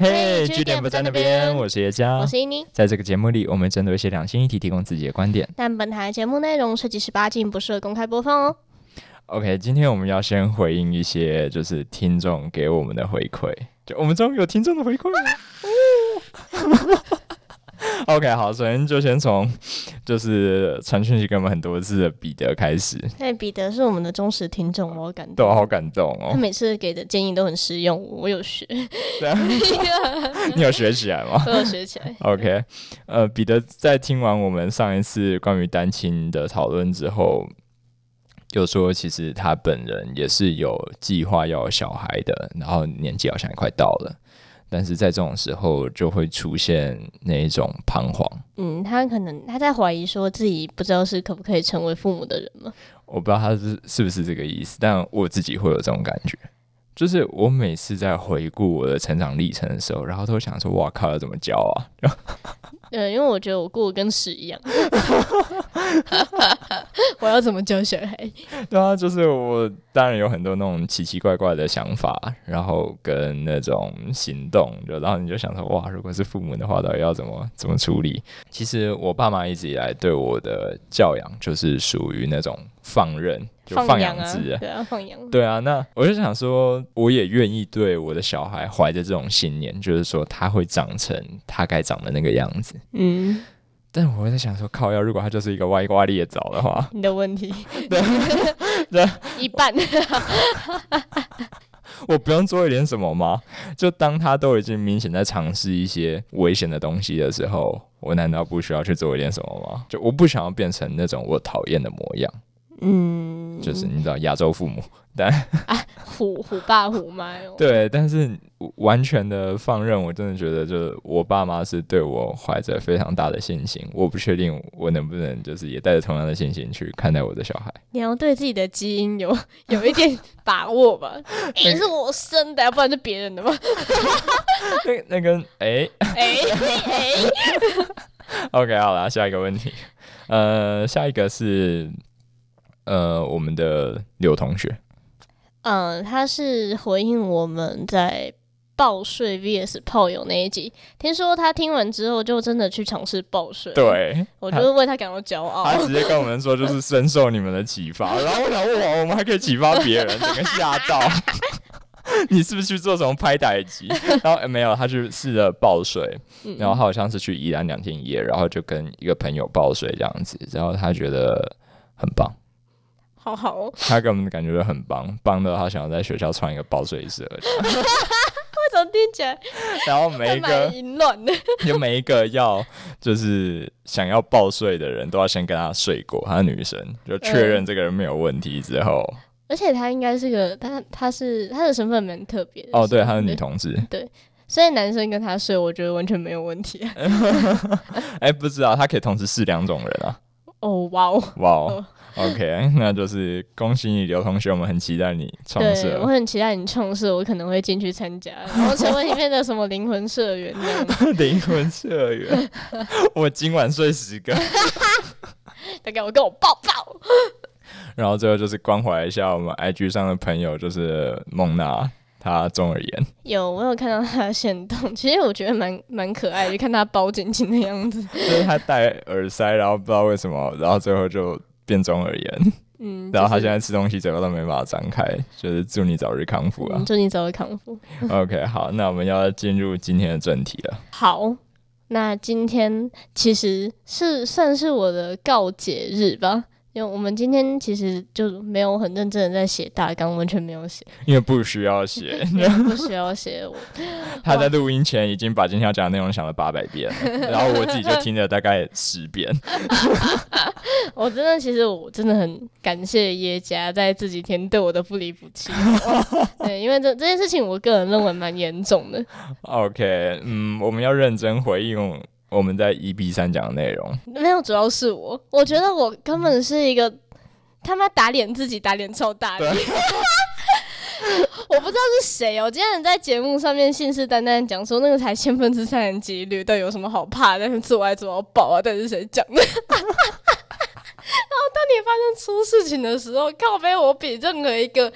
嘿，據點 Hey,、hey, 不在那邊，那邊我是葉佳，我是依妮。在這個節目裡，我們針對一些兩性議題提供自己的觀點，但本台節目內容涉及十八禁，不適合公開播放哦。OK，今天我們要先回應一些就是聽眾給我們的回饋，就我們終於有聽眾的回饋。了。 OK，好，首先就先從就是傳訊息給我們很多次的彼得開始。哎，彼得是我們的忠實聽眾，我感動，都好感動哦。他每次給的建議都很實用，我有學。對啊， 你有學起來嗎？我有學起來。OK，呃，彼得在聽完我們上一次關於單親的討論之後，就說其實他本人也是有計劃要小孩的，然後年紀好像也快到了。但是在這種時候就會出現那一種彷徨。嗯，他可能他在懷疑說自己不知道是可不可以成為父母的人嗎？我不知道他是是不是這個意思，但我自己會有這種感覺，就是我每次在回顧我的成長歷程的時候，然後都想說，哇靠，要怎麼教啊？ 嗯，因為我覺得我過得跟屎一樣，哈哈哈，我要怎麼教小孩？ 對啊，就是我當然有很多那種奇奇怪怪的想法，然後跟那種行動，就然後你就想說，哇，如果是父母的話，到底要怎麼怎麼處理？其實我爸媽一直以來對我的教養，就是屬於那種。放任，就放養啊！對啊，放羊。對啊，那我就想說，我也願意對我的小孩懷着這種信念，就是說他會長成他該長的那個樣子。嗯，但我在想說，靠腰，如果他就是一個歪瓜裂棗的話，你的問題，對 對， 一半 。 我不用做一點什麼嗎？就當他都已經明顯在嘗試一些危險的東西的時候，我難道不需要去做一點什麼嗎？就我不想要變成那種我討厭的模樣。嗯，就是你知道亞洲父母，但哎、啊，虎虎爸虎媽、哦，對，但是完全的放任，我真的覺得，就是我爸媽是對我懷着非常大的信心。我不確定我能不能，就是也帶着同樣的信心去看待我的小孩。你要對自己的基因有有一點把握吧？哎、 欸，是我生的，要不然就別人的吧。 那那個，哎哎哎，OK，好了，下一個問題，呃，下一個是。呃，我們的劉同學，嗯、呃，他是回應我們在抱睡 vs 炮友那一集，聽說他聽完之後就真的去嘗試抱睡，對，我就是為他感到驕傲他。他直接跟我們說，就是深受你們的啟發。 然後，然後我想問，我們還可以啟發別人， 整個嚇到 你是不是去做什麼拍打機？ 然後沒有，他去試着抱睡， 然後好像是去宜蘭兩天一夜，然後就跟一個朋友抱睡這樣子，然後他覺得很棒。好好哦，他給我們感覺就很棒，棒到他想要在學校穿一個暴睡衣哈 我怎麼聽起來？然後每一個有 每一個要就是想要暴睡的人都要先跟他睡過，他是女生，就確認這個人沒有問題之後。而且他應該是個他，他是他的身份蠻特別的哦，對，他是女同志對，對，所以男生跟他睡，我覺得完全沒有問題，啊。哎 欸，不知道他可以同時是兩種人啊？哦，哇哦，哇哦。OK，那就是恭喜你劉同學，我們很期待你創社，我很期待你創社。我可能會進去參加，然後成為裡面的什麼靈魂社員那樣子。靈 魂社員， 我今晚睡十個。 大哥，我跟我抱抱。 然後最後就是關懷一下我們 IG 上的朋友，就是夢娜，她中耳炎。有，我有看到她的限動，其實我覺得蠻蠻可愛的，就看她包緊緊的樣子， 就是她戴耳塞，然後不知道為什麼，然後最後就。變中耳炎，嗯，就是、然後他現在吃東西嘴巴都沒辦法張開，就是祝你早日康復啊！嗯、祝你早日康復。 OK，好，那我們要進入今天的正題了。好，那今天其實是算是我的告解日吧。因為我們今天其實就沒有很認真的在寫大綱，完全沒有寫。因為不需要寫， 因為不需要寫。 他在錄音前已經把今天要講的內容想了八百遍，哇然後我自己就聽了大概十遍。我真的，其實我真的很感謝耶家在這幾天對我的不離不棄。 對，因為這這件事情，我個人認為蠻嚴重的。 OK，嗯，我們要認真回應哦。我們在一比三講的內容沒有，主要是我，我覺得我根本是一個他媽打臉自己打臉臭大臉，對 我不知道是誰哦，今天在節目上面信誓旦旦講說那個才千分之三點幾率，但有什麼好怕？但是自我做爆啊，但是誰講的？ 當你發生出事情的時候，靠北我比任何一個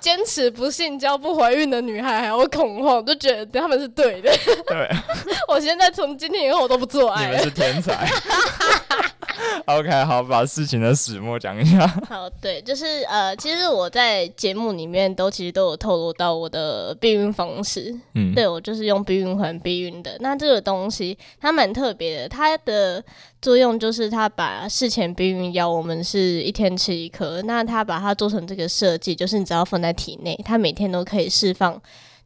堅持不性交不懷孕的女孩還要恐慌，就覺得他們是對的。對耶， 我現在從今天以後我都不做愛。你們是天才。 OK，好，把事情的始末講一下。好，對，就是呃，其實我在節目裡面都其實都有透露到我的避孕方式，嗯，對我就是用避孕環避孕的。那這個東西它蠻特別的，它的作用就是它把事前避孕藥，我們是一天吃一顆，那它把它做成這個設計，就是你只要放在體內，它每天都可以釋放。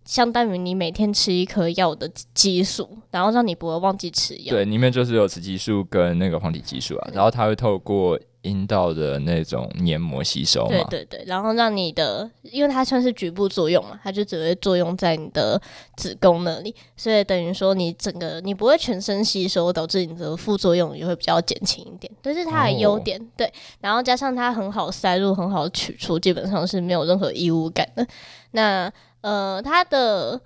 相當於你每天吃一顆藥的激素，然後讓你不會忘記吃藥。對，裡面就是有雌激素跟那個黃體激素啊，嗯、然後它會透過陰道的那種黏膜吸收嘛。對對對，然後讓你的，因為它算是局部作用嘛，它就只會作用在你的子宮那裡，所以等於說你整個你不會全身吸收，導致你的副作用也會比較減輕一點，這是它的優點。哦、對，然後加上它很好塞入，很好取出，基本上是沒有任何異物感的。那呃，他的，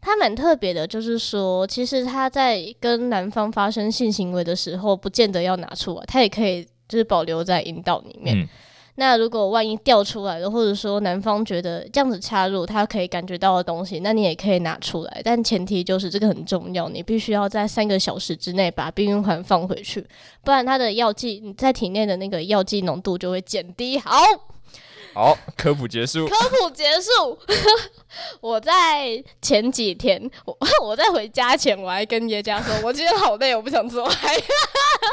他蠻特別的，的就是說，其實他在跟男方發生性行為的時候，不見得要拿出來，他也可以就是保留在陰道裡面。嗯、那如果萬一掉出來了，或者說男方覺得這樣子插入他可以感覺到的東西，那你也可以拿出來，但前提就是這個很重要，你必須要在三個小時之內把避孕環放回去，不然他的藥劑你在體內的那個藥劑濃度就會減低。好。好、哦，科普結束。科普結束。 我在前幾天，我我在回家前，我還跟爺爺說，我今天好累，我不想做愛。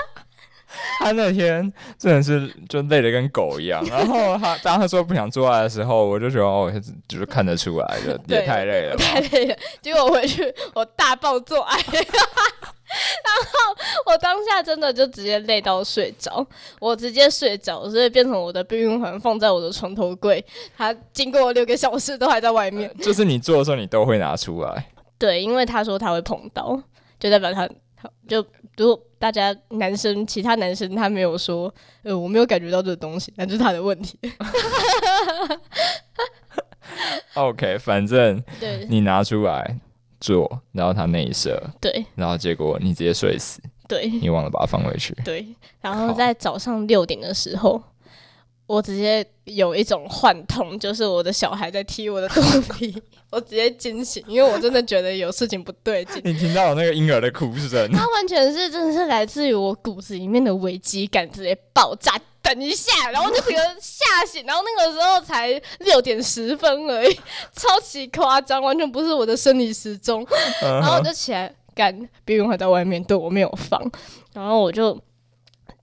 他那天真的是就累得跟狗一樣。然後他當他說不想做愛的時候， 我就覺得哦，就是看得出來的，也太累了，太累了。結果回去我大爆做愛。 然後我當下真的就直接累到睡着，我直接睡着，所以變成我的避孕環放在我的床頭櫃，他經過六個小時都還在外面。嗯，就是你做的時候，你都會拿出來。對，因為他說他會碰到，就代表他，就如果大家男生，其他男生他沒有說，呃，我沒有感覺到這個東西，那就是他的問題。 OK，反正對你拿出來。做，然後他內射，對，然後結果你直接睡死，對，你忘了把它放回去，對，然後在早上六點的時候。.我直接有一種幻痛，就是我的小孩在踢我的肚皮， 我直接驚醒，因為我真的覺得有事情不對勁。你聽到我那個嬰兒的哭聲？它完全是真的是來自於我骨子裡面的危機感直接爆炸。等一下，然後就我就嚇醒， 然後那個時候才六點十分而已，超級誇張，完全不是我的生理時鐘。嗯、然後我就起來趕，避孕環在外面，對，我沒有放。然後我就。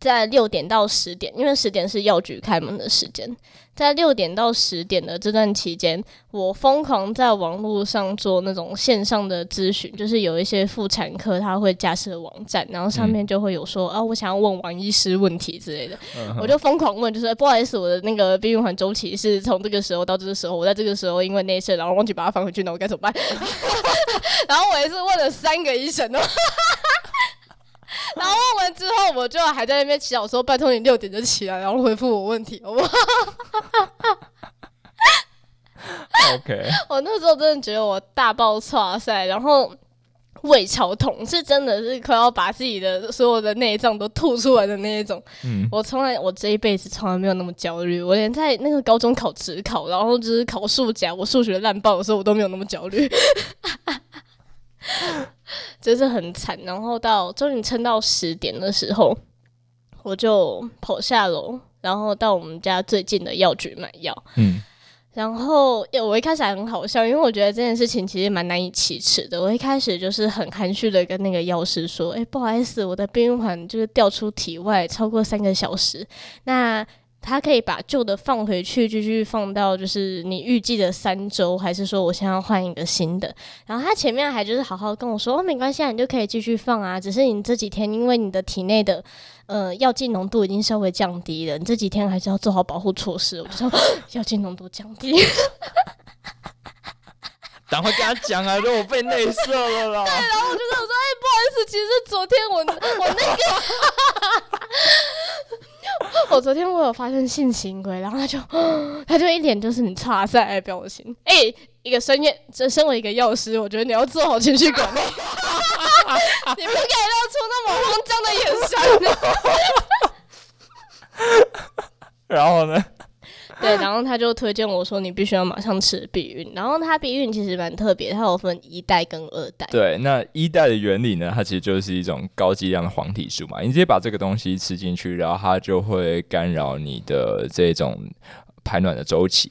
在六點到十點，因為十點是藥局開門的時間，在六點到十點的這段期間，我瘋狂在網絡上做那種線上的諮詢，就是有一些婦產科他會架設網站，然後上面就會有說、嗯、啊，我想要問王醫師問題之類的，uh huh. 我就瘋狂問，就是、欸、不好意思，我的那個避孕環週期是從這個時候到這個時候，我在這個時候因為內射，然後忘記把它放回去，那我該怎麼辦？ 然後我也是問了三個醫生哦、喔。 之後我就還在那邊祈禱，說拜托你六點就起來，然後回復我問題，好不好？哈。OK 我那時候真的覺得我大爆粗塞，然後胃超痛，是真的是快要把自己的所有的內臟都吐出來的那一種。嗯，我從來我這一輩子從來沒有那麼焦慮，我連在那個高中考指考，然後就是考數甲，我數學爛爆的時候，我都沒有那麼焦慮。 就是很慘，然後到終於撐到十點的時候，我就跑下樓，然後到我們家最近的藥局買藥。嗯，然後我一開始還很好笑，因為我覺得這件事情其實蠻難以啟齒的。我一開始就是很含蓄的跟那個藥師說：“誒，不好意思，我的冰環就是掉出體外超過三個小時。”那他可以把舊的放回去，繼續放到就是你預計的三周，還是說我現在要換一個新的？然後他前面還就是好好跟我說，哦，沒關係啊，你就可以繼續放啊。只是你這幾天因為你的體內的呃藥劑濃度已經稍微降低了，你這幾天還是要做好保護措施。我就說藥劑濃度降低，趕 快跟他講啊！如果我被內射了啦！對，然後我就跟我說，哎、欸，不好意思，其實昨天我我那個。 我昨天我有發生性行為，然後他就他就一臉就是你插賽的表情。哎、欸，一個深夜，就身為一個藥師，我覺得你要做好情緒管理，你不可以露出那麼慌張的眼神。然後呢？對，然後他就推薦我說，你必須要馬上吃避孕。然後他避孕其實蠻特別，它有分一代跟二代。對，那一代的原理呢？它其實就是一種高劑量的黃體素嘛，你直接把這個東西吃進去，然後它就會干擾你的這種排卵的周期。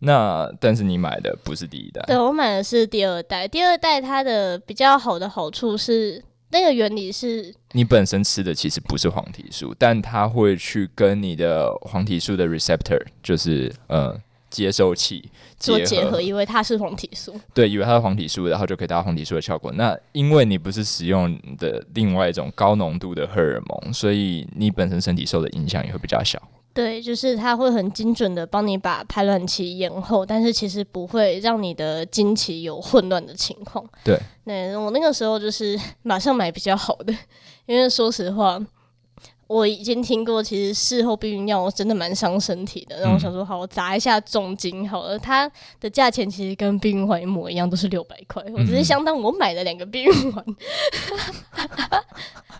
那但是你買的不是第一代。對，我買的是第二代。第二代它的比較好的好處是。那個原理是你本身吃的其實不是黃體素，但它會去跟你的黃體素的 receptor，就是呃接受器做結合，因為它是黃體素，對，以為它是黃體素，然後就可以達到黃體素的效果。那因為你不是使用的另外一種高濃度的荷爾蒙，所以你本身身體受的影響也會比較小。對，就是他會很精準的幫你把排卵期延後，但是其實不會讓你的經期有混亂的情況。對，那我那個時候就是馬上買比較好的，因為說實話。我已經聽過，其實事後避孕藥真的蠻傷身體的。然後我想說，好，我砸一下重金好了。嗯、它的價錢其實跟避孕環一模一樣，都、就是六百塊。嗯、我只是相當我買了兩個避孕環。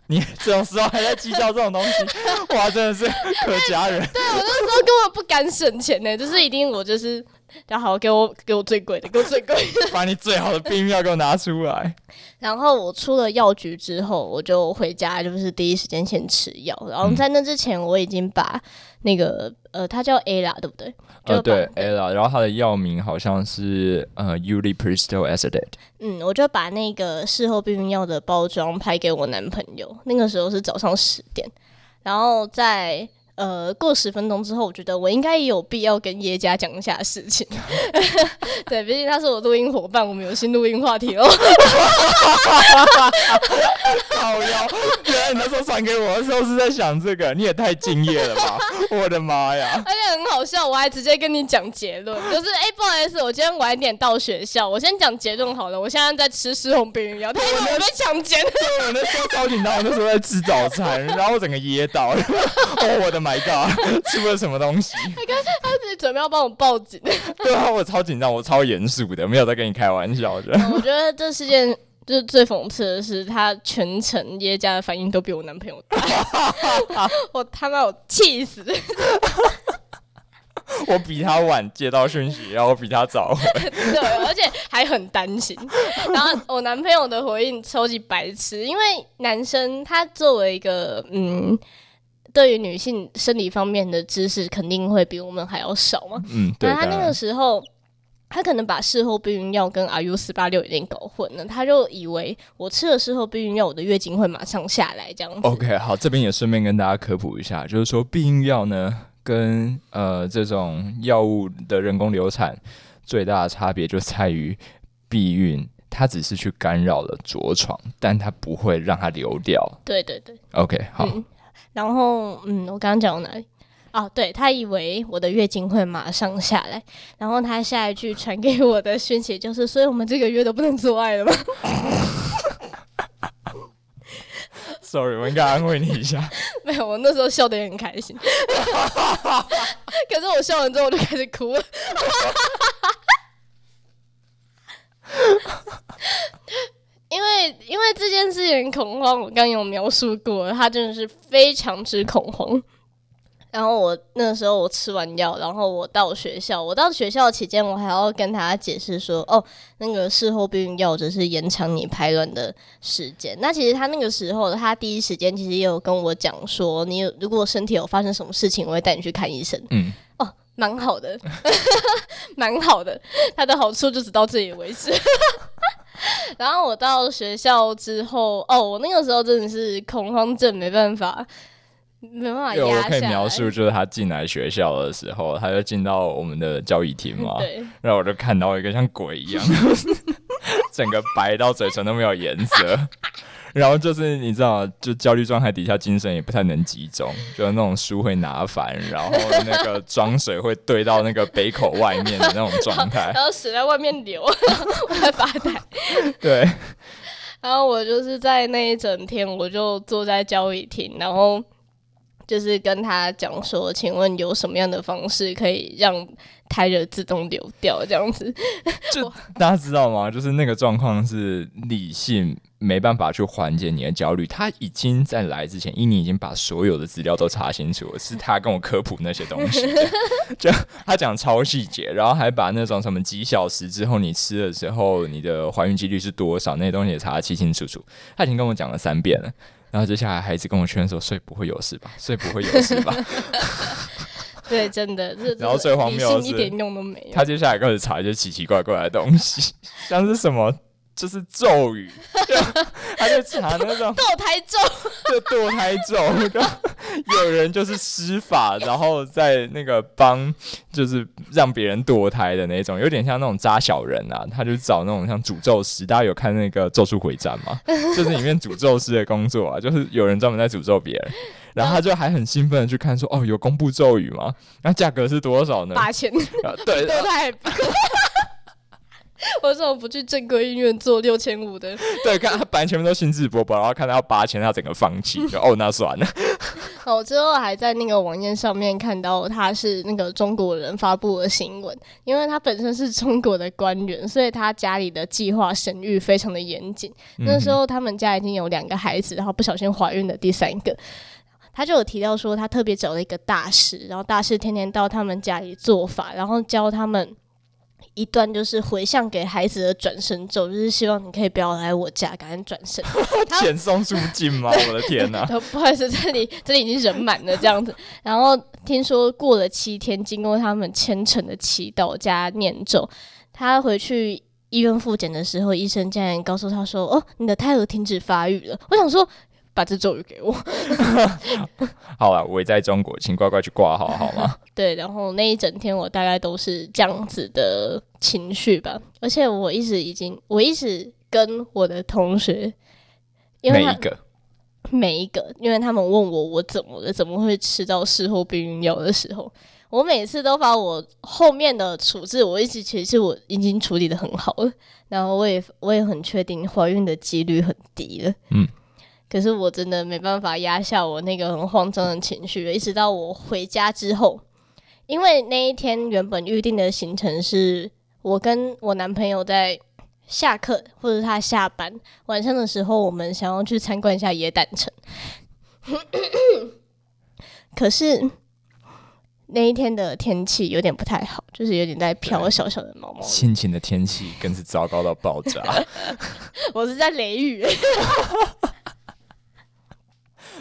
你這種時候還在計較這種東西，哇 真的是可夾人。欸、對，我那時候根本不敢省錢呢、欸， 就是一定我就是。就好，給我給我最貴的，給我最貴的， 把你最好的避孕藥給我拿出來。 然後我出了藥局之後，我就回家，就是第一時間先吃藥。然後在那之前，我已經把那個呃，他叫艾拉，對不對？呃，就把對艾拉。對然後他的藥名好像是呃 ulipristal acetate 嗯，我就把那個事後避孕藥的包裝拍給我男朋友。那個時候是早上十點，然後在。呃，過十分鐘之後，我覺得我應該也有必要跟葉家講一下事情。 對，畢竟他是我錄音夥伴，我們有新錄音話題哦。好喲，原來你那時候傳給我的時候是在想這個，你也太敬業了吧！ 我的媽呀！而且很好笑，我還直接跟你講結論，就是哎、欸，不好意思，我今天晚一點到學校。我先講結論好了，我現在在吃事後避孕藥。你有沒有被強姦？我那時候超緊張，那時候在吃早餐， 然後我整個噎到了。我的。My God！出了什麼東西？他 他自己準備要幫我報警。對啊，我超緊張，我超嚴肅的，沒有在跟你開玩笑的。我覺得這事件就是最諷刺的是，他全程耶加的反應都比我男朋友大， 我他媽我氣死！ 我比他晚接到訊息，然後比他早。 對，而且還很擔心。 然後我男朋友的回應超級白痴，因為男生他作為一個嗯。對於女性生理方面的知識，肯定會比我們還要少嘛。嗯，對。他那個時候，嗯、他可能把事後避孕藥跟 RU486 已經搞混了，他就以為我吃了事後避孕藥，我的月經會馬上下來這樣子。OK，好，這邊也順便跟大家科普一下，就是說避孕藥呢，跟呃這種藥物的人工流產最大的差別就在於，避孕它只是去干擾了着床，但它不會讓它流掉。對對對。OK，好。嗯然後，嗯，我剛剛講到哪裡？哦、啊，對，他以為我的月經會馬上下來。然後他下一句傳給我的訊息就是：所以我們這個月都不能做愛了嗎 ？Sorry，我應該安慰你一下。 沒有，我那時候笑得也很開心。 可是我笑完之後我就開始哭了。 因為因為這件事情恐慌，我剛剛有描述過，他真的是非常之恐慌。然後我那個時候我吃完藥，然後我到學校，我到學校期間，我還要跟他解釋說，哦，那個事後避孕藥只是延長你排卵的時間。那其實他那個時候，他第一時間其實也有跟我講說，你如果身體有發生什麼事情，我會帶你去看醫生。嗯，哦，蠻好的， 蠻好的。他的好處就是到這裡為止。 然後我到學校之後，哦，我那個時候真的是恐慌症，沒辦法，沒辦法壓下來。有我可以描述，就是他進來學校的時候，他就進到我們的教育廳嘛，對。然後我就看到一個像鬼一樣， 整個白到嘴唇都沒有顏色。 然後就是你知道，就焦慮狀態底下，精神也不太能集中，就那種書會拿反，然後那個裝水會兌到那個杯口外面的那種狀態， 然、後然後水在外面流，然後我在發呆。 對，然後我就是在那一整天，我就坐在交誼廳，然後就是跟他講說，請問有什麼樣的方式可以讓胎熱自動流掉，這樣子，就大家知道嗎？就是那個狀況是理性沒辦法去緩解你的焦慮，他已經在來之前，伊尼已經把所有的資料都查清楚了，是他跟我科普那些東西， 就他講超細節，然後還把那種什麼幾小時之後你吃的時候，你的懷孕幾率是多少，那些東西也查得清清楚楚，他已經跟我講了三遍了，然後接下來還一直跟我確認說，所以不會有事吧，所以不會有事吧。 對，真的，就就是理性一點用都沒有，然後最荒謬的是，他接下來開始查一些奇奇怪怪怪的東西， 像是什麼，就是咒語，就他就查那種 就墮胎咒， 就墮胎咒，有人就是施法，然後在那個幫，就是讓別人墮胎的那種，有點像那種扎小人啊，他就找那種像詛咒師，大家有看那個《咒術迴戰》嗎？就是裡面詛咒師的工作啊，就是有人專門在詛咒別人。然後他就還很興奮的去看說，說哦，有公布咒語嗎？那價格是多少呢？八千。對，對對。我說我不去正規醫院做六千五的。對，看他本來全部都興致勃勃，然後看到八千，他整個放棄，嗯、就哦，那算了。我之後還在那個網頁上面看到他是那個中國人發布的新聞，因為他本身是中國的官員，所以他家裡的計劃生育非常的嚴謹。嗯、哼那時候他們家已經有兩個孩子，然後不小心懷孕了第三個。他就有提到說，他特別找了一個大師，然後大師天天到他們家裡做法，然後教他們一段就是回向給孩子的轉身咒，就是希望你可以不要來我家，趕緊轉身。遣 他送出境嗎？ 我的天啊、都、 不好意思，這裡這裡已經人滿了這樣子。 然後聽說過了七天，經過他們虔誠的祈禱加念咒，他回去醫院複檢的時候，醫生竟然告訴他說：“哦，你的胎兒停止發育了。”我想說。把這咒語給我 。 好了，我也在中國，請乖乖去掛號，好嗎？對，然後那一整天我大概都是這樣子的情緒吧。而且我一直已經，我一直跟我的同學，因為每一個，每一個，因為他們問我我怎麼了，怎麼會吃到事後避孕藥的時候，我每次都把我後面的處置，我一直其實我已經處理得很好了。然後我也我也很確定懷孕的幾率很低了。嗯。可是我真的沒辦法壓下我那個很慌張的情緒，一直到我回家之後，因為那一天原本預定的行程是我跟我男朋友在下課或者他下班晚上的時候，我們想要去參觀一下耶誕城。可是那一天的天氣有點不太好，就是有點在飄小小的毛毛的。心情的天氣更是糟糕到爆炸。 我是在雷雨。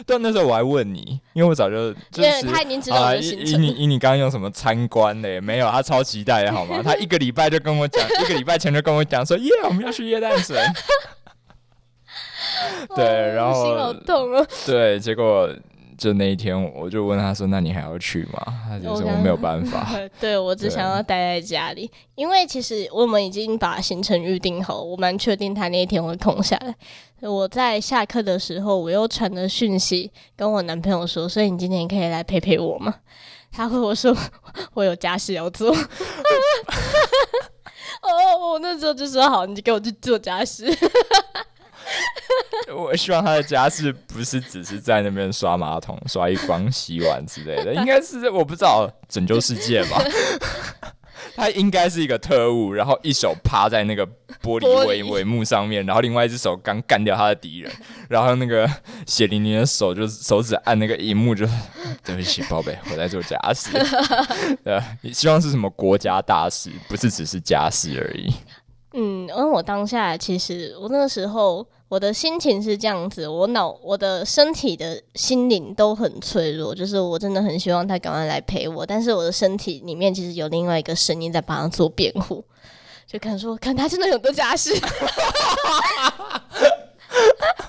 但那時候我還問你，因為我早就對、嗯啊、他已經知道的以你以你剛剛用什麼參觀嘞？沒有，他超期待，的好嗎？他一個禮拜就跟我講， 一個禮拜前就跟我講說，耶， yeah, 我們要去耶誕城。 對，然後心好痛、喔、對，結果。就那一天，我就問他說：“那你還要去嗎？” Okay. 他就說：“我沒有辦法。 ”對我只想要待在家裡，對因為其實我們已經把行程預定好，我蠻確定他那一天會空下來。我在下課的時候，我又傳了訊息跟我男朋友說：“所以你今天可以來陪陪我嗎？”他回我說：“ 我有家事要做。 ” 哦，我那時候就說：“好，你就給我去做家事。 ” 我希望他的家事不是只是在那邊刷馬桶、刷浴缸、洗碗之類的，應該是我不知道拯救世界吧？ 他應該是一個特務，然後一手趴在那個玻璃帷幕上面，璃然後另外一隻手剛幹掉他的敵人，然後那個血淋淋的手就手指按那個熒幕就，就 對不起，寶貝，我在做家事。呃， 你希望是什麼國家大事，不是只是家事而已。嗯，因為我當下其實我那個時候我的心情是這樣子，我腦、我的身體的心靈都很脆弱，就是我真的很希望他趕快來陪我，但是我的身體裡面其實有另外一個聲音在幫他做辯護，就可能說，看他真的有多家事。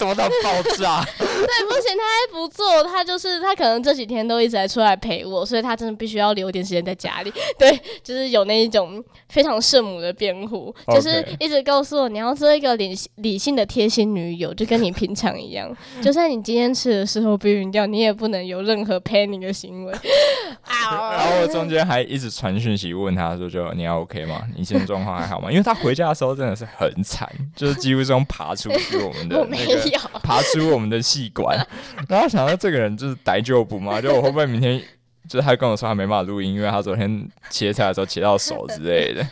多 到爆炸，啊。 對，不行。他還不做，他就是他可能這幾天都一直在出來陪我，所以他真的必須要留點時間在家裡。對，就是有那一種非常聖母的辯護，Okay. 就是一直告訴我，你要做一個理理性的貼心女友，就跟你平常一樣， 就算你今天吃的時候避孕掉，你也不能有任何 panic 的行為。 然後中間還一直傳訊息問他說就：“就你還 OK 嗎？你現在狀況還好嗎？”因為他回家的時候真的是很慘，就是幾乎是爬出去我們的、那個，我沒爬出我們的細管。然後想到這個人就是大丈夫嘛，就我會不會明天就是他跟我說他沒辦法錄音，因為他昨天切菜的時候切到手之類的。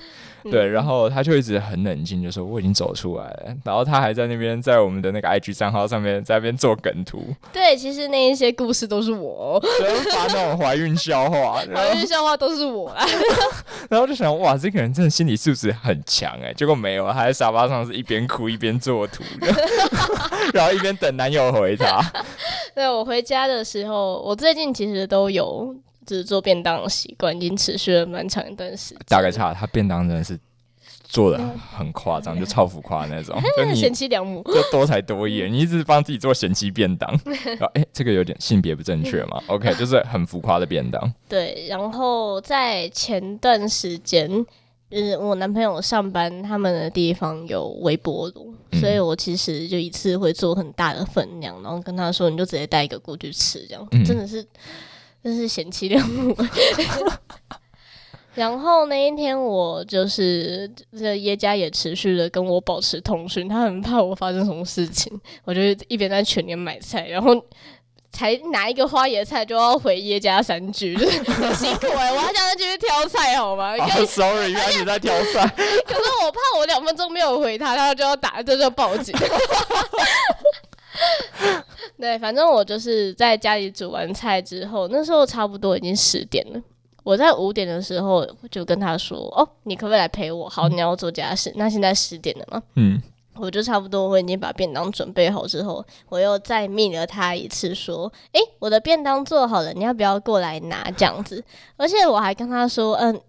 對，然後他就一直很冷靜，就說我已經走出來了。然後他還在那邊，在我們的那個 IG 賬號上面，在那邊做梗圖。對，其實那一些故事都是我發那種懷孕笑話，懷孕笑話都是我、啊。 然後就想，哇，這個人真的心理素質很強哎、欸。結果沒有，他在沙發上是一邊哭一邊做圖的， 然後一邊等男友回他。 對，我回家的時候，我最近其實都有。只是做便當的習慣已經持續了蠻長一段時間。大概差他，他便當真的是做得很誇張， 就超浮誇那種。賢 妻良母 就多才多藝，你一直幫自己做賢妻便當。哎、 欸，這個有點性別不正確嘛、嗯、？OK，就是很浮誇的便當。對，然後在前段時間，嗯、呃，我男朋友上班他們的地方有微波爐，所以我其實就一次會做很大的分量，嗯、然後跟他說，你就直接帶一個過去吃，這樣、嗯、真的是。真是賢妻良母。然後那一天，我就是耶家也持續的跟我保持通訊，他很怕我發生什麼事情。我就一邊在全年買菜，然後才拿一個花椰菜就要回耶家三居， 辛苦我還想繼續挑菜好嗎？Sorry，開始在挑菜。 可是我怕我兩分鐘沒有回他，他就要打，就要報警。 對，反正我就是在家裡煮完菜之後，那時候差不多已經十點了。我在五點的時候就跟他說：“哦，你可不可以來陪我？好，你要做家事。嗯、那現在十點了嘛，嗯，我就差不多我已經把便當準備好之後，我又再命了他一次說，哎、欸，我的便當做好了，你要不要過來拿？這樣子。 而且我還跟他說，嗯、呃，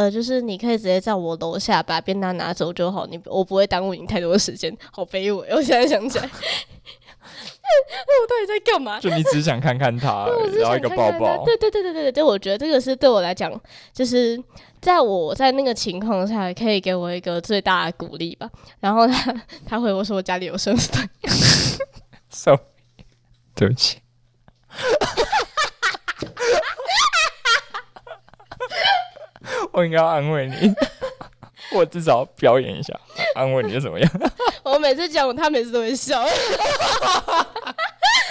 呃，就是你可以直接在我樓下把便當拿走就好。你我不會耽誤你太多時間。好卑微，我現在想起來。 我到底在幹嘛？就你只是想， 想看看他，要一個抱抱。對對對對對對，我覺得這個是對我來講，就是在我在那個情況下，可以給我一個最大的鼓勵吧。然後他他回我說我家裡有生死的。 s o、so，對不起。 我應該要安慰你。我至少表演一下，安慰 你是怎麼樣？我每次講，他每次都會笑。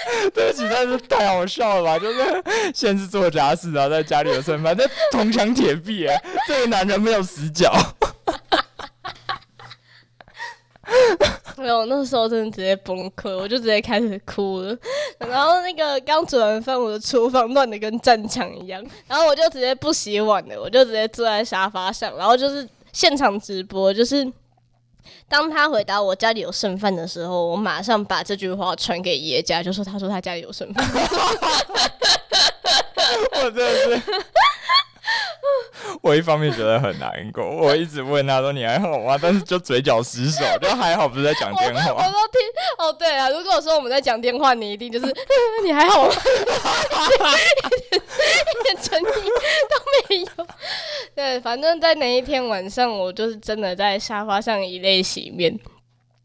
對不起，但是太好笑了吧？就是先是做家事啊，在家裡有剩飯，那銅牆鐵壁啊，欸， 這個男人沒有死角。 沒有，那時候真的直接崩潰，我就直接開始哭了。 然後那個剛煮完飯，我的廚房亂的 跟戰場一樣。然後我就直接不洗碗了，我就直接坐在沙發上，然後就是。現場直播就是，當他回答我家裡有剩飯的時候，我馬上把這句話傳給爺家，就說他說他家裡有剩飯。 我真的是。我一方面覺得很難過， 我一直問他、啊、說：“你還好嗎、啊？”但是就嘴角失守， 就還好不是在講電話我。我都聽哦，對啊，如果我說我們在講電話，你一定就是 你還好嗎？一點誠意都沒有。對，反正在那一天晚上，我就是真的在沙發上以淚洗面。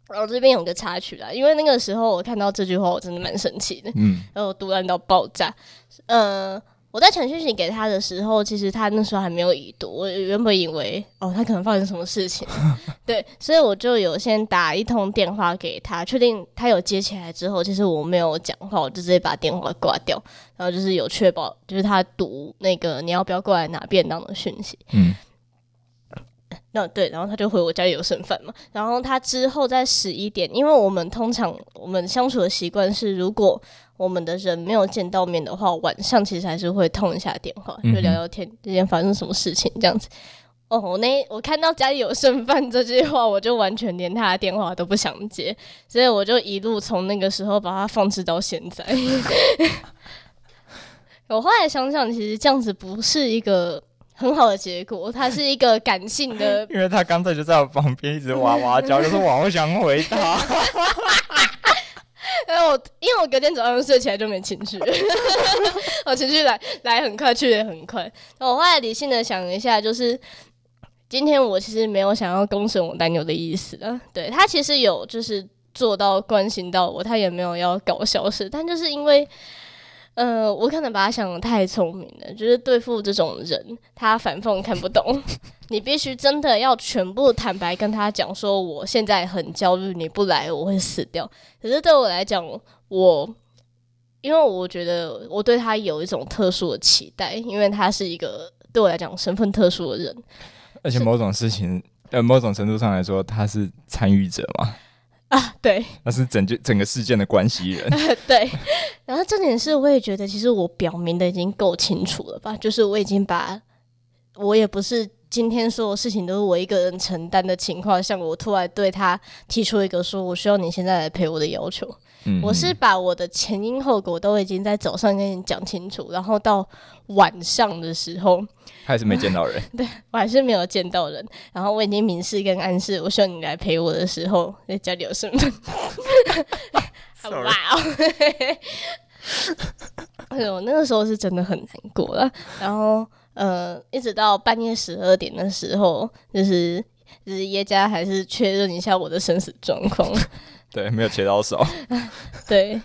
然後這邊有個插曲啦，因為那個時候我看到這句話，我真的蠻生氣的，嗯，然後我賭爛到爆炸，嗯、呃。我在傳訊息給他的時候，其實他那時候還沒有已讀。我原本以為，哦，他可能發生什麼事情， 對，所以我就有先打一通電話給他，確定他有接起來之後，其實我沒有講話，我就直接把電話掛掉，然後就是有確保，就是他讀那個你要不要過來拿便當的訊息。嗯。那對，然後他就回，我家裡有剩飯嘛。然後他之後在十一點，因為我們通常我們相處的習慣是，如果我們的人沒有見到面的話，晚上其實還是會通一下電話，就聊聊天，之間發生什麼事情這樣子。哦、oh,，我那我看到家裡有剩飯這句話，我就完全連他的電話都不想接，所以我就一路從那個時候把他放置到現在。 我後來想想，其實這樣子不是一個。很好的結果，他是一個感性的。 因為他剛才就在我旁邊一直哇哇叫， 就是我好想回他。因為，我因為我隔天早上睡起來就沒情緒， 我情緒來來很快，去也很快。我後來理性的想一下，就是今天我其實沒有想要公審我男友的意思的。對，他其實有就是做到關心到我，他也沒有要搞消失，但就是因為。呃，我可能把他想得太聰明了，就是對付這種人，他反諷看不懂。 你必須真的要全部坦白跟他講，說我現在很焦慮，你不來我會死掉。可是對我來講，我因為我覺得我對他有一種特殊的期待，因為他是一個對我來講身份特殊的人，而且某種事情，是呃，某種程度上來說，他是參與者嘛。啊，對，那、啊、是整件整個事件的關係人。 呃、對，然後這點是我也覺得，其實我表明的已經夠清楚了吧？就是我已經把，我也不是。今天所有事情都是我一個人承擔的情況，像我突然對他提出一個說“我需要你現在來陪我的要求”，嗯、哼我是把我的前因後果，都已經在早上跟你講清楚，然後到晚上的時候還是沒見到人，我對我還是沒有見到人，然後我已經明示跟暗示我需要你來陪我的時候，在家裡有什麼？好哇哦，哎呦，那個時候是真的很難過了，然後。呃，一直到半夜十二點的時候，就是就是葉家還是確認一下我的生死狀況。對，沒有切到手。 對、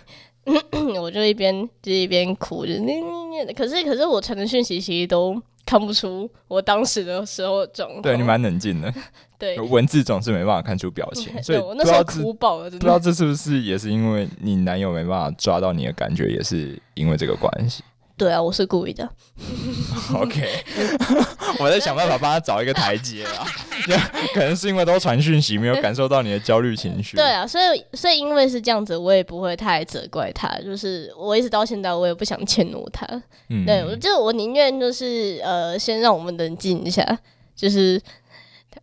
嗯，我就一邊就一邊哭，就、嗯嗯嗯、可是可是我傳的訊息其實都看不出我當時的時候的狀況。對，你蠻冷靜的。 對，文字總是沒辦法看出表情，嗯、所以我那時候哭爆了。真的不知道這是不是也是因為你男友沒辦法抓到你的感覺，也是因為這個關係。對啊，我是故意的。 OK， 我在想辦法幫他找一個台階啊。 可能是因為都傳訊息，沒有感受到你的焦慮情緒。對啊，所以所以因為是這樣子，我也不會太責怪他。就是我一直到現在，我也不想遷怒他。嗯、對，我就我寧願就是呃，先讓我們冷靜一下，就是。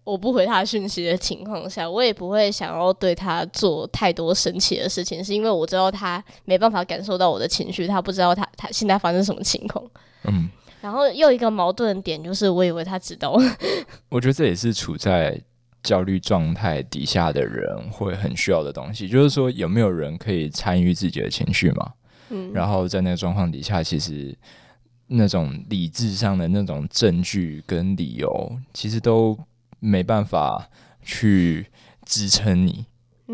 我不回他訊息的情況下，我也不會想要對他做太多生氣的事情，是因為我知道他沒辦法感受到我的情緒，他不知道他他現在發生什麼情況。嗯，然後又一個矛盾點就是，我以為他知道。我覺得這也是處在焦慮狀態底下的人會很需要的東西，就是說有沒有人可以參與自己的情緒嘛？嗯，然後在那個狀況底下，其實那種理智上的那種證據跟理由，其實都。沒辦法去支撐你，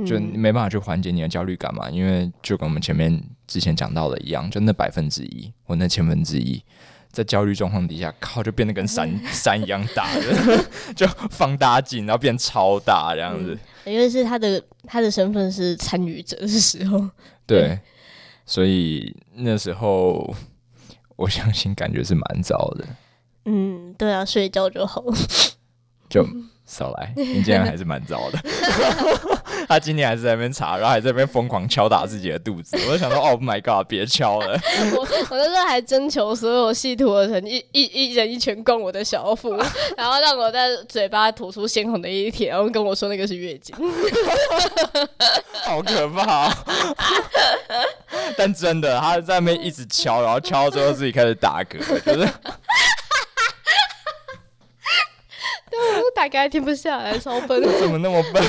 就沒辦法去緩解你的焦慮感嘛。嗯、因為就跟我們前面之前講到的一樣，就那百分之一或那千分之一，在焦慮狀況底下，靠就變得跟山 山一樣大 就放大鏡，然後變超大這樣子。嗯、因為是他的他的身份是參與者的時候，對，對所以那時候我相信感覺是蠻糟的。嗯，對啊，睡覺就好 就少來，你今天還是蠻糟的。 他今天還是在那邊查，然後還在那邊瘋狂敲打自己的肚子。 我就想說，Oh my god，別敲了！我我那時候還徵求所有信徒的人，一一一人一拳攻我的小腹， 然後讓我在嘴巴吐出鮮紅的液體，然後跟我說那個是月經。 好可怕哦！ 但真的，他在那邊一直敲，然後敲之後自己開始打嗝，就是。 我大概停不下來，超笨。 怎麼那麼笨？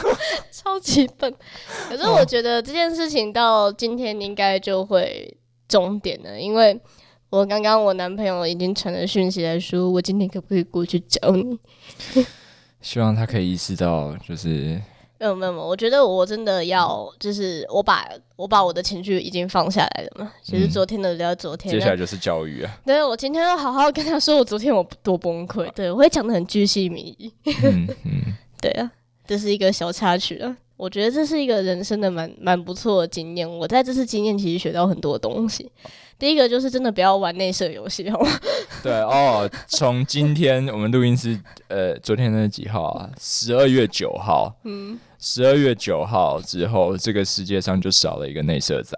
超級笨。可是我覺得這件事情到今天應該就會終點了，哦、因為我剛剛我男朋友已經傳了訊息來說，我今天可不可以過去找你？ 希望他可以意識到，就是。沒有沒有沒有，我覺得我真的要，就是我把我把我的情緒已經放下來了嘛。其實、嗯、昨天的聊，就是、昨天。接下來就是教育啊。對，我今天要好好跟他說，我昨天我多崩潰。對我會講得很巨細靡遺。 嗯嗯、對啊，這是一個小插曲啊。我覺得這是一個人生的蠻蠻不錯的經驗。我在這次經驗其實學到很多東西。第一個就是真的不要玩內射遊戲，好嗎？對哦， 從今天我們錄音是呃，昨天那幾號啊？十二月九號。嗯。十二月九號之後，這個世界上就少了一個內射仔。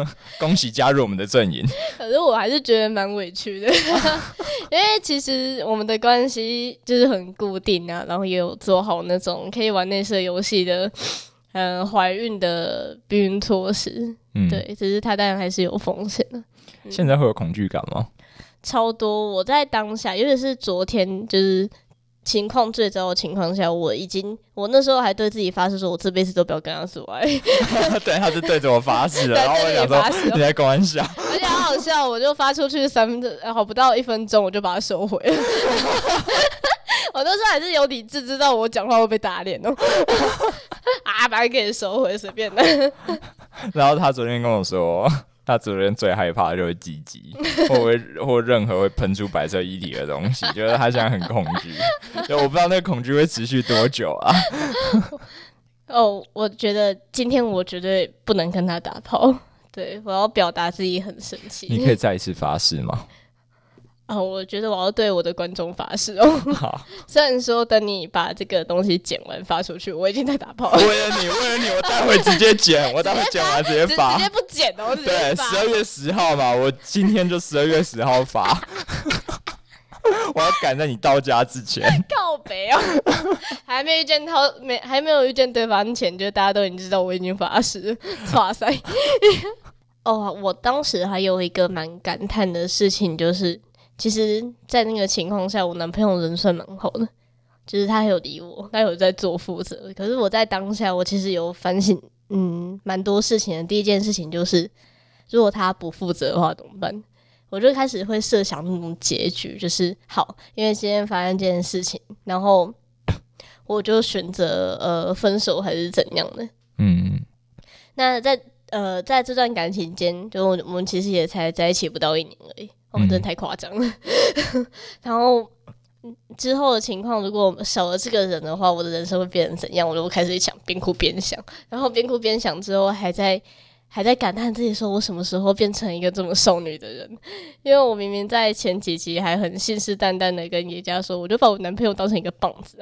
恭喜加入我們的陣營。可是我還是覺得蠻委屈的， 因為其實我們的關係就是很固定啊，然後也有做好那種可以玩內射遊戲的嗯，呃、懷孕的避孕措施。嗯，對，只是它當然還是有風險的。現在會有恐懼感嗎？嗯、超多，我在當下，尤其是昨天，就是。情況最糟的情況下，我已經我那時候還對自己發誓說，我這輩子都不要跟他說愛、欸。 對，他就對着我發誓了， 然後我講說：“ 你在開玩笑！”而且好好笑， 我就發出去三分鐘，然後不到一分鐘我就把它收回。 我那時候還是有理智，知道我講話會被打臉哦、喔。 啊，把它給你收回，隨便的 。然後他昨天跟我說。他昨天最害怕的就是雞雞，或會或任何會噴出白色液體的東西，覺得 他現在很恐懼。就我不知道那個恐懼會持續多久啊。哦 ，oh, 我覺得今天我絕對不能跟他打炮。對，我要表達自己很生氣，你可以再一次發誓嗎？哦、我覺得我要對我的觀眾發誓哦。好雖然說等你把這個東西剪完，發出去，我已經在打炮了。為了你，為了你，我待會直接剪， 我待會剪完直接發，直接，發直接不剪了。我對，十二月十號嘛， 我今天就十二月十號發， 我要趕在你到家之前告別哦。 北啊、 還沒遇見他，沒還沒有遇見對方前，就大家都已經知道我已經發誓。哇塞！ 哦，我當時還有一個蠻感嘆的事情就是。其實，在那個情況下，我男朋友人算蠻好的，就是他還有理我，他有在做負責。可是我在當下，我其實有反省，嗯，蠻多事情的。第一件事情就是，如果他不負責的話，怎麼辦？我就開始會設想那種結局，就是好，因為今天發生這件事情，然後我就選擇呃分手還是怎樣的？嗯，那在呃在這段感情間，就我們其實也才在一起不到一年而已。哦、我真的太誇張了。嗯、 然後之後的情況，如果少了這個人的話，我的人生會變成怎樣？我就開始一想，邊哭邊想，然後邊哭邊想之後，還在還在感嘆自己說：“我什麼時候變成一個這麼少女的人？”因為我明明在前幾集還很信誓旦旦的跟葉家說：“我就把我男朋友當成一個棒子。”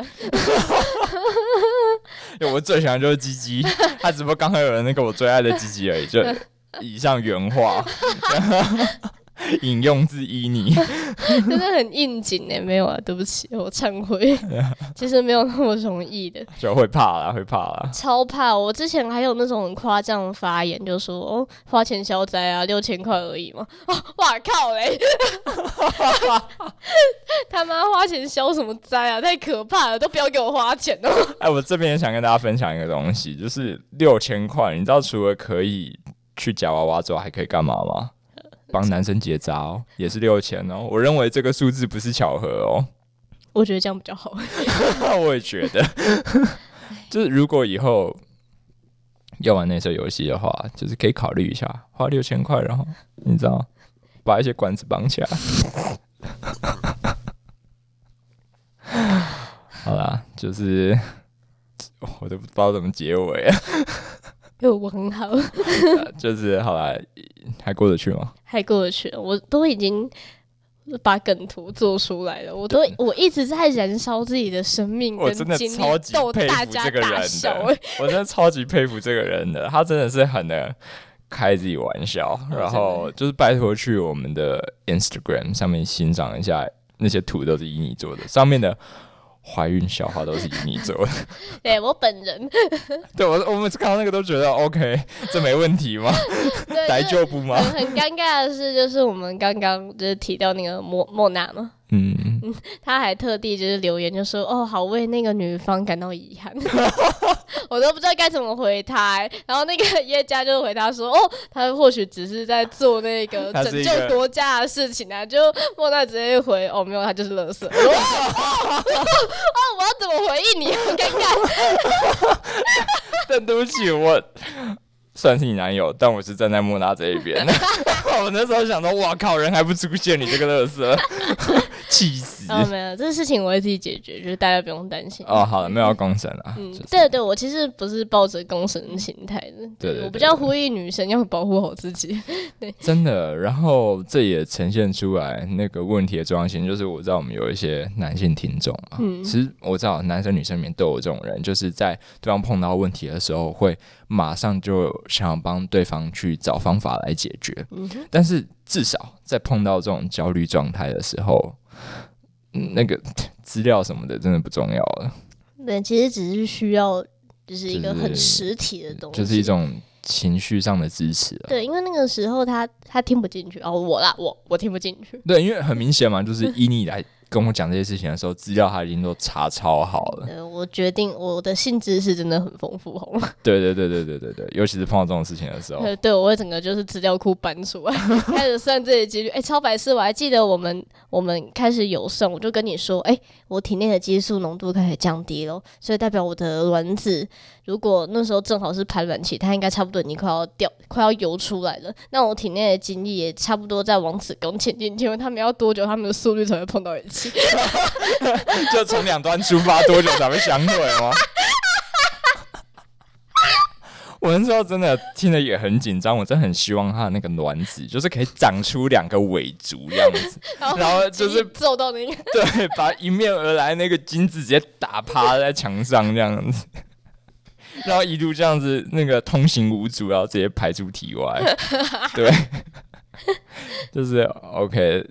我最喜歡就是吉吉， 他只不過剛剛有人那個我最愛的吉吉而已，就以上原話。 引用自伊尼真的 很應景哎、欸，沒有啊，對不起，我懺悔， 其實沒有那麼容易的，就會怕啦，會怕啦，超怕！我之前還有那種很誇張的發言，就說哦，花錢消災啊，六千塊而已嘛，哦、哇靠嘞， 他媽花錢消什麼災啊，太可怕了，都不要給我花錢哦、喔！哎、欸，我這邊也想跟大家分享一個東西，就是六千塊，你知道除了可以去夾娃娃之外，還可以幹嘛嗎？幫男生結紮哦，也是六千哦，我認為這個數字不是巧合哦。我覺得這樣比較好。 我也覺得， 就是如果以後要玩那些遊戲的話，就是可以考慮一下，花六千塊，然後你知道，把一些管子綁起來。 好啦，就是我都不知道怎麼結尾因為我很好，就是後來，還過得去嗎？還過得去，我都已經把梗圖做出來了。我都對我一直在燃燒自己的生命。我真的超級逗大家大笑。欸、我真的超級佩服這個人的，他真的是很能開自己玩笑。 然後就是拜托去我們的 Instagram 上面欣賞一下，那些圖都是 Eni 做的上面的。懷孕小孩都是以你做的， 對，我本人。 對，我我們剛剛那個都覺得 OK，這沒問題嗎？來 就不嗎？ 很尷尬的事就是我們剛剛就是提到那個莫莫娜嘛。嗯，嗯，他還特地就是留言，就說哦，好為那個女方感到遺憾， 我都不知道該怎麼回他，欸。然後那個葉家就回他說，哦，他或許只是在做那個拯救國家的事情啊。一就莫奈直接回，哦，沒有，他就是勒色。哦，哦，我要怎麼回應你？好尷尬。但對不起我。雖然是你男友，但我是站在莫娜這一邊。 我那時候想說：「哇靠，人還不出現，你這個樂色，氣 死！Oh, 這有，沒有，這事情我會自己解決，就是大家不用擔心。哦，好了，沒有要公審了。嗯，就是、對，對對，我其實不是抱着公審的心態的，對對，對，對，對，我比較呼籲女生要保護好自己。對，真的。然後這也呈現出來那個問題的重要性，就是我知道我們有一些男性聽眾啊，嗯、其實我知道男生女生裡面都有這種人，就是在對方碰到問題的時候會。馬上就想要幫對方去找方法來解決，嗯、哼但是至少在碰到這種焦慮狀態的時候，那個資料什麼的真的不重要了。對，其實只是需要就是一個很實體的東西，就是、就是一種情緒上的支持。對，因為那個時候他他聽不進去哦，我啦我我聽不進去。對，因為很明顯嘛， 就是以你來。跟我講這些事情的時候，資料他已經都查超好了。我決定我的性知識真的很豐富好，好對對對對對對對，尤其是碰到這種事情的時候，對，對，對，我會整個就是資料庫搬出來， 開始算這些幾率。哎、欸，超白痴！我還記得我們我們開始有剩，我就跟你說，哎、欸，我體內的激素濃度開始降低了，所以代表我的卵子。如果那時候正好是排卵期，它應該差不多已經快要掉、快要游出來了。那我體內的精子也差不多在往子宮前進，請問他們要多久？他們的速率才會碰到一起？ 就從兩端出發，多久才會相會嗎？ 我那時候真的聽得也很緊張，我真的很希望他的那個卵子就是可以長出兩個尾足樣子， 好然後就是緊緊揍到那個 對，把迎面而來那個精子直接打趴在牆上這樣子。 然後一路這樣子，那個通行無阻，然後直接排出體外。 對，就是 OK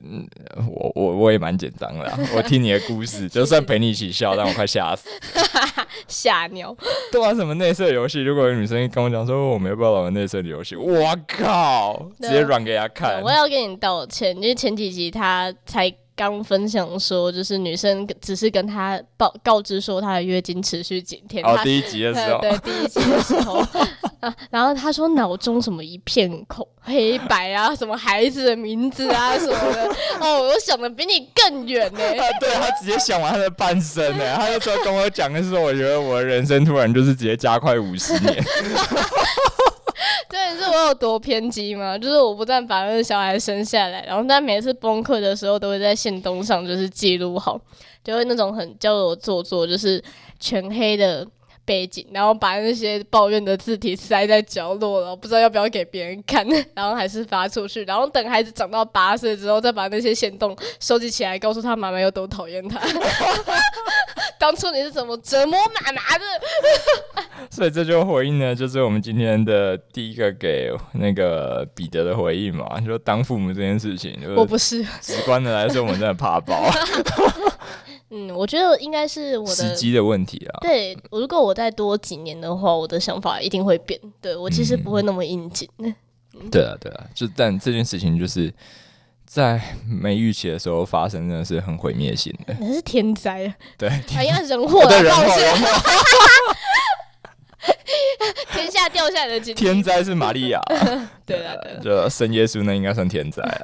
我。我我我也蠻緊張的， 我聽你的故事，就算陪你一起笑， 但我快嚇死了。嚇尿 牛！都玩什麼內射遊戲？如果有女生跟我講說，我沒有辦法玩內射的遊戲，我靠！直接軟給她看。我要跟你道歉，因為前幾集她才。剛分享說，就是女生只是跟他報告，告知說她的月經持續幾天？哦好，他第一集的時候、呃。對，第一集的時候。 啊、然後他說腦中什麼一片空 黑白啊，什麼孩子的名字啊 什麼的。哦，我想的比你更遠呢、欸啊。對他直接想完他的半生呢、欸， 他就說跟我講的時候，我覺得我的人生突然就是直接加快五十年。 對，是我有多偏激嗎？就是我不但把那個小孩生下來，然後但每次崩潰的時候都會在限動上就是記錄好，就會那種很矯揉造作，就是全黑的背景，然後把那些抱怨的字體塞在角落了，然後不知道要不要給別人看，然後還是發出去，然後等孩子長到八歲之後再把那些限動收集起來，告訴他媽媽有多討厭他。 當初你是怎麼折磨媽媽的？ 所以這就回應呢，就是我們今天的第一個給那個彼得的回應嘛，就說當父母這件事情，就是、我不是直觀的來說，我們真的怕爆。 嗯，我覺得應該是我的時機的問題啊。對，我如果我再多幾年的話，我的想法一定會變。對我其實不會那麼應景、嗯。對啊，對啊，就但這件事情就是。在沒預期的時候發生，真的是很毀滅性的。那是天災、啊啊。對，哎呀，人禍。的人 天下掉下來的天災是瑪利亞。對啊， 對啦對啦就生耶穌那應該算天災、啊。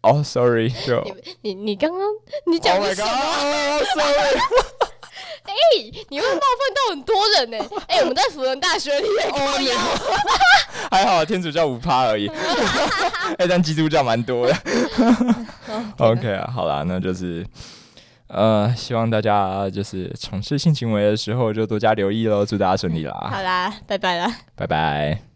哦、 oh,，sorry，就你你你剛剛你講的什麼？Oh 哎、欸，你會冒犯到很多人呢、欸！哎、欸，我們在輔仁大學裡面。Oh, no. 還好，天主教五趴而已。哎、 欸，但基督教蠻多的。 oh, OK 啊，okay, 好啦，那就是，呃，希望大家就是從事性行為的時候就多加留意嘍，祝大家順利啦！好啦，拜拜啦，拜拜。